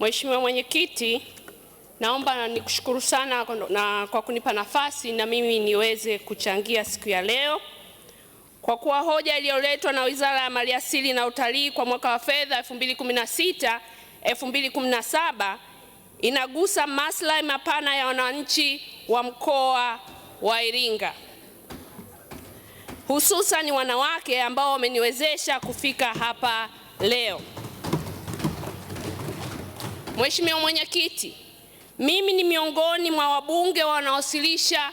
Mheshimiwa Mwenyekiti, naomba nikushukuru sana na kwa kunipa nafasi na mimi niweze kuchangia siku ya leo. Kwa kuwa hoja iliyoletwa na Wizara ya Maliasili na Utalii kwa mwaka wa fedha 2016 2017 inagusa maslahi mapana ya wananchi wa mkoa wa Iringa, hususan wanawake ambao wameniwezesha kufika hapa leo. Mheshimiwa Mwenyekiti, mimi ni miongoni mwa wabunge wanaowasilisha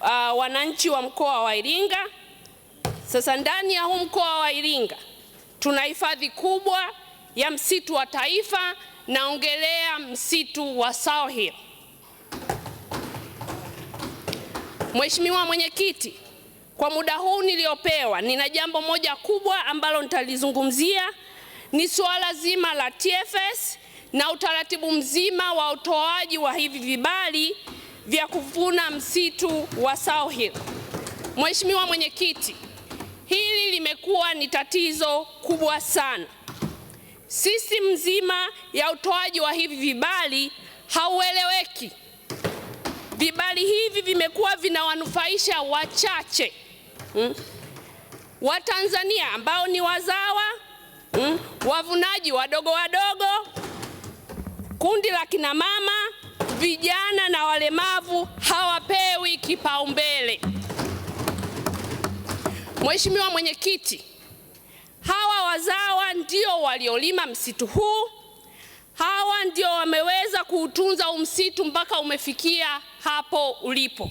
uh, wananchi wa mkoa wa Iringa. Sasa ndani ya huu mkoa wa Iringa tuna hifadhi kubwa ya msitu wa taifa, naongelea msitu wa Sawhill. Mheshimiwa Mwenyekiti, kwa muda huu niliopewa, nina jambo moja kubwa ambalo nitalizungumzia, ni suala zima la TFS na utaratibu mzima wa utoaji wa hivi vibali vya kuvuna msitu wa Sao Hill. Mheshimiwa Mwenyekiti, hili limekuwa ni tatizo kubwa sana. System nzima ya utoaji wa hivi vibali haueleweki. Vibali hivi vimekuwa vinawanufaisha wachache hmm, Watanzania ambao ni wazawa hmm, wavunaji wadogo wadogo kundi la kina mama, vijana na walemavu hawapewi kipaumbele. Mheshimiwa Mwenyekiti, hawa wazawa ndio waliolima msitu huu, hawa ndio wameweza kuutunza umsitu mpaka umefikia hapo ulipo.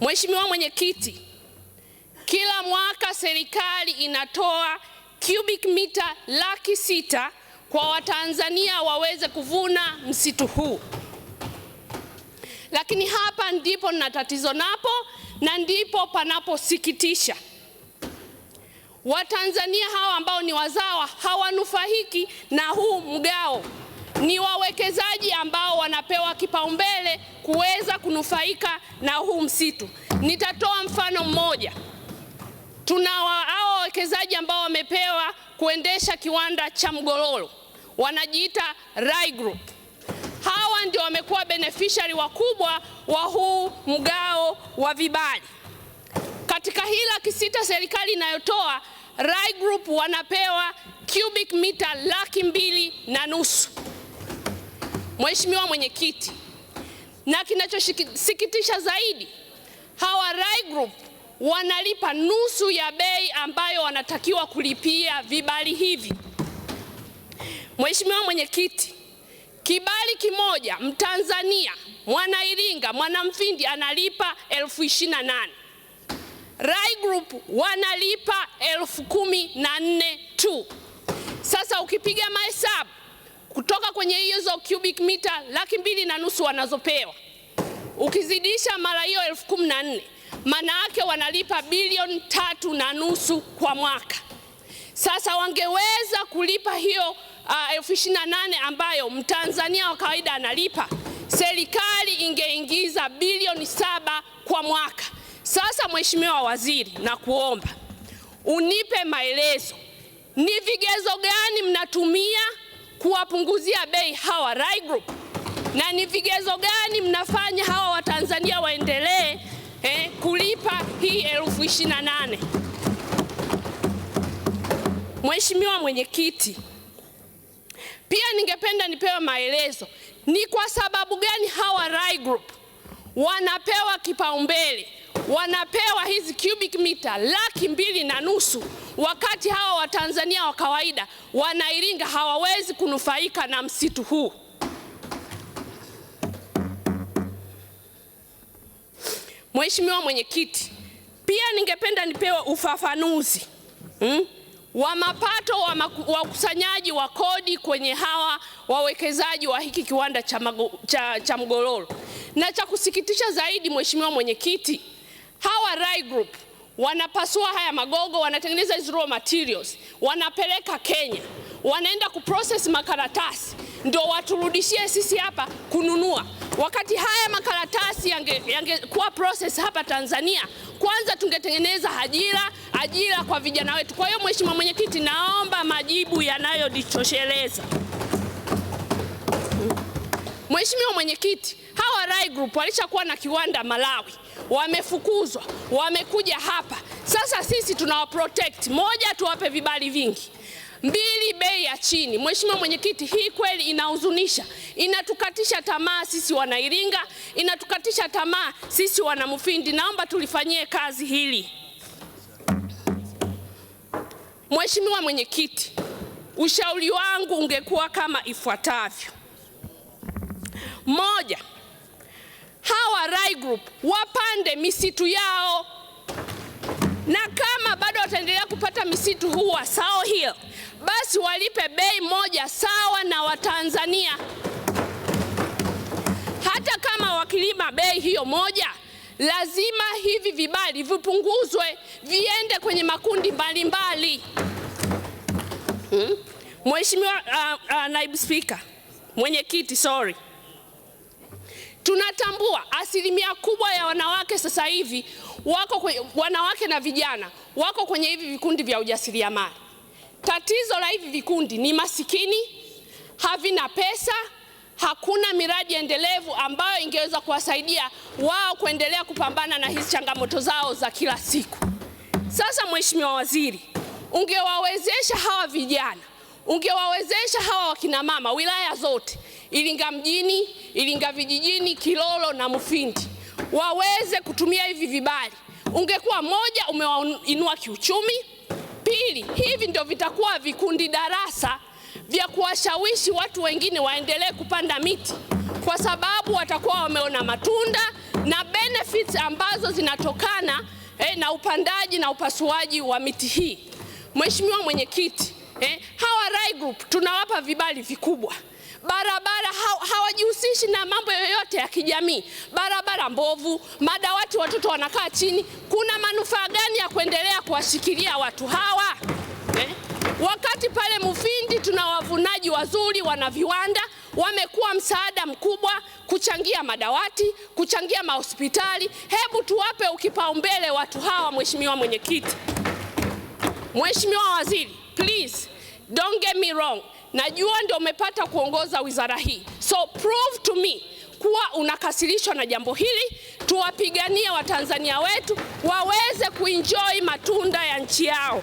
Mheshimiwa Mwenyekiti, kila mwaka serikali inatoa cubic mita laki sita kwa Watanzania waweze kuvuna msitu huu. Lakini hapa ndipo na tatizo napo na ndipo panaposikitisha. Watanzania hawa ambao ni wazawa hawanufaiki na huu mgao. Ni wawekezaji ambao wanapewa kipaumbele kuweza kunufaika na huu msitu. Nitatoa mfano mmoja. Tuna hao wawekezaji ambao wamepewa kuendesha kiwanda cha Mgololo, wanajiita Rai Group. Hawa ndio wamekuwa beneficiary wakubwa wa huu mgao wa vibali. Katika hila kisita serikali inayotoa Rai Group wanapewa cubic mita laki mbili na nusu. Mheshimiwa Mwenyekiti, na kinachosikitisha zaidi hawa Rai Group wanalipa nusu ya bei ambayo wanatakiwa kulipia vibali hivi. Mheshimiwa Mwenyekiti, kibali kimoja Mtanzania, mwana Iringa, mwana Mfindi analipa elfu ishirini na nane. Rai Group wanalipa elfu kumi na nne tu. Sasa ukipiga mahesabu kutoka kwenye hizo cubic mita laki mbili na nusu wanazopewa ukizidisha mara hiyo elfu kumi na nne maana yake wanalipa bilioni tatu na nusu kwa mwaka. Sasa wangeweza kulipa hiyo ah, elfu ishirini na nane uh, ambayo mtanzania wa kawaida analipa, serikali ingeingiza bilioni saba kwa mwaka. Sasa Mheshimiwa Waziri, nakuomba unipe maelezo, ni vigezo gani mnatumia kuwapunguzia bei hawa Rai Group na ni vigezo gani mnafanya hawa Watanzania waendelee hii elfu ishirini na nane. Mheshimiwa Mwenyekiti, pia ningependa nipewe maelezo ni kwa sababu gani hawa Rai Group wanapewa kipaumbele, wanapewa hizi cubic mita laki mbili na nusu wakati hawa Watanzania wa kawaida wanairinga hawawezi kunufaika na msitu huu. Mheshimiwa Mwenyekiti, pia ningependa nipewe ufafanuzi hmm, wa mapato wa ukusanyaji wa kodi kwenye hawa wawekezaji wa hiki kiwanda cha, mago, cha, cha Mgololo. Na cha kusikitisha zaidi, Mheshimiwa Mwenyekiti, hawa Rai Group wanapasua haya magogo, wanatengeneza hizo raw materials, wanapeleka Kenya, wanaenda kuprocess makaratasi ndio waturudishie sisi hapa kununua, wakati haya makaratasi yangekuwa yange process hapa Tanzania, kwanza tungetengeneza ajira, ajira kwa vijana wetu. Kwa hiyo Mheshimiwa Mwenyekiti, naomba majibu yanayojitosheleza. Mheshimiwa Mwenyekiti, hawa Rai Group walishakuwa na kiwanda Malawi, wamefukuzwa, wamekuja hapa. Sasa sisi tunawaprotect, moja, tuwape vibali vingi Mbili, bei ya chini. Mheshimiwa Mwenyekiti, hii kweli inahuzunisha, inatukatisha tamaa sisi wana Iringa, inatukatisha tamaa sisi wana Mufindi. Naomba tulifanyie kazi hili. Mheshimiwa Mwenyekiti, ushauri wangu ungekuwa kama ifuatavyo: moja, hawa Rai Group wapande misitu yao, na kama bado wataendelea kupata misitu huu wa Sao Hill basi walipe bei moja sawa na Watanzania. Hata kama wakilima bei hiyo moja, lazima hivi vibali vipunguzwe viende kwenye makundi mbalimbali mbali. Hmm? Mheshimiwa uh, uh, naibu spika, mwenyekiti, sorry, tunatambua asilimia kubwa ya wanawake sasa hivi wako kwenye, wanawake na vijana wako kwenye hivi vikundi vya ujasiriamali Tatizo la hivi vikundi ni masikini, havina pesa, hakuna miradi endelevu ambayo ingeweza kuwasaidia wao kuendelea kupambana na hizi changamoto zao za kila siku. Sasa Mheshimiwa Waziri, ungewawezesha hawa vijana, ungewawezesha hawa wakinamama wilaya zote Iringa mjini, Iringa vijijini, Kilolo na Mufindi waweze kutumia hivi vibali, ungekuwa moja, umewainua kiuchumi Pili, hivi ndio vitakuwa vikundi darasa vya kuwashawishi watu wengine waendelee kupanda miti, kwa sababu watakuwa wameona matunda na benefits ambazo zinatokana eh, na upandaji na upasuaji wa miti hii. Mheshimiwa Mwenyekiti, eh, hawa rai group tunawapa vibali vikubwa barabara hawajihusishi na mambo yoyote ya kijamii, barabara mbovu, madawati watoto wanakaa chini. Kuna manufaa gani ya kuendelea kuwashikilia watu hawa eh? Wakati pale Mufindi tuna wavunaji wazuri, wana viwanda, wamekuwa msaada mkubwa kuchangia madawati, kuchangia mahospitali. Hebu tuwape ukipaumbele watu hawa. Mheshimiwa Mwenyekiti, Mheshimiwa Waziri, please don't get me wrong najua ndio umepata kuongoza wizara hii, so prove to me kuwa unakasirishwa na jambo hili, tuwapiganie Watanzania wetu waweze kuenjoy matunda ya nchi yao.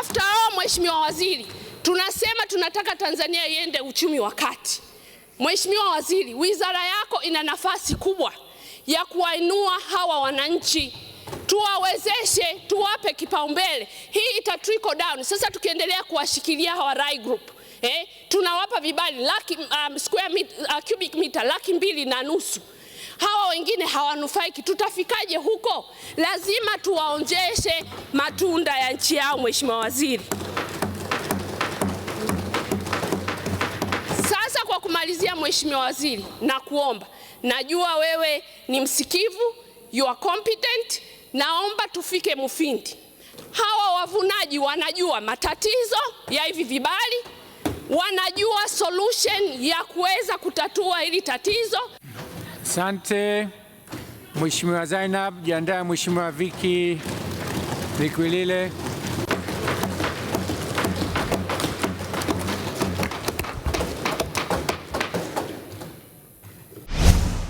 After all, Mheshimiwa Waziri, tunasema tunataka Tanzania iende uchumi wa kati. Mheshimiwa Waziri, wizara yako ina nafasi kubwa ya kuwainua hawa wananchi tuwawezeshe, tuwape kipaumbele. Hii ita trickle down. Sasa tukiendelea kuwashikilia hawa Rai Group eh, tunawapa vibali laki, um, square meter, uh, cubic meter laki mbili na nusu hawa wengine hawanufaiki, tutafikaje huko? Lazima tuwaonjeshe matunda ya nchi yao, Mheshimiwa Waziri. Sasa kwa kumalizia, Mheshimiwa Waziri, na kuomba, najua wewe ni msikivu, you are competent naomba tufike Mufindi. Hawa wavunaji wanajua matatizo ya hivi vibali, wanajua solution ya kuweza kutatua hili tatizo. Asante Mheshimiwa Zainab, jiandae Mheshimiwa Viki Likwilile.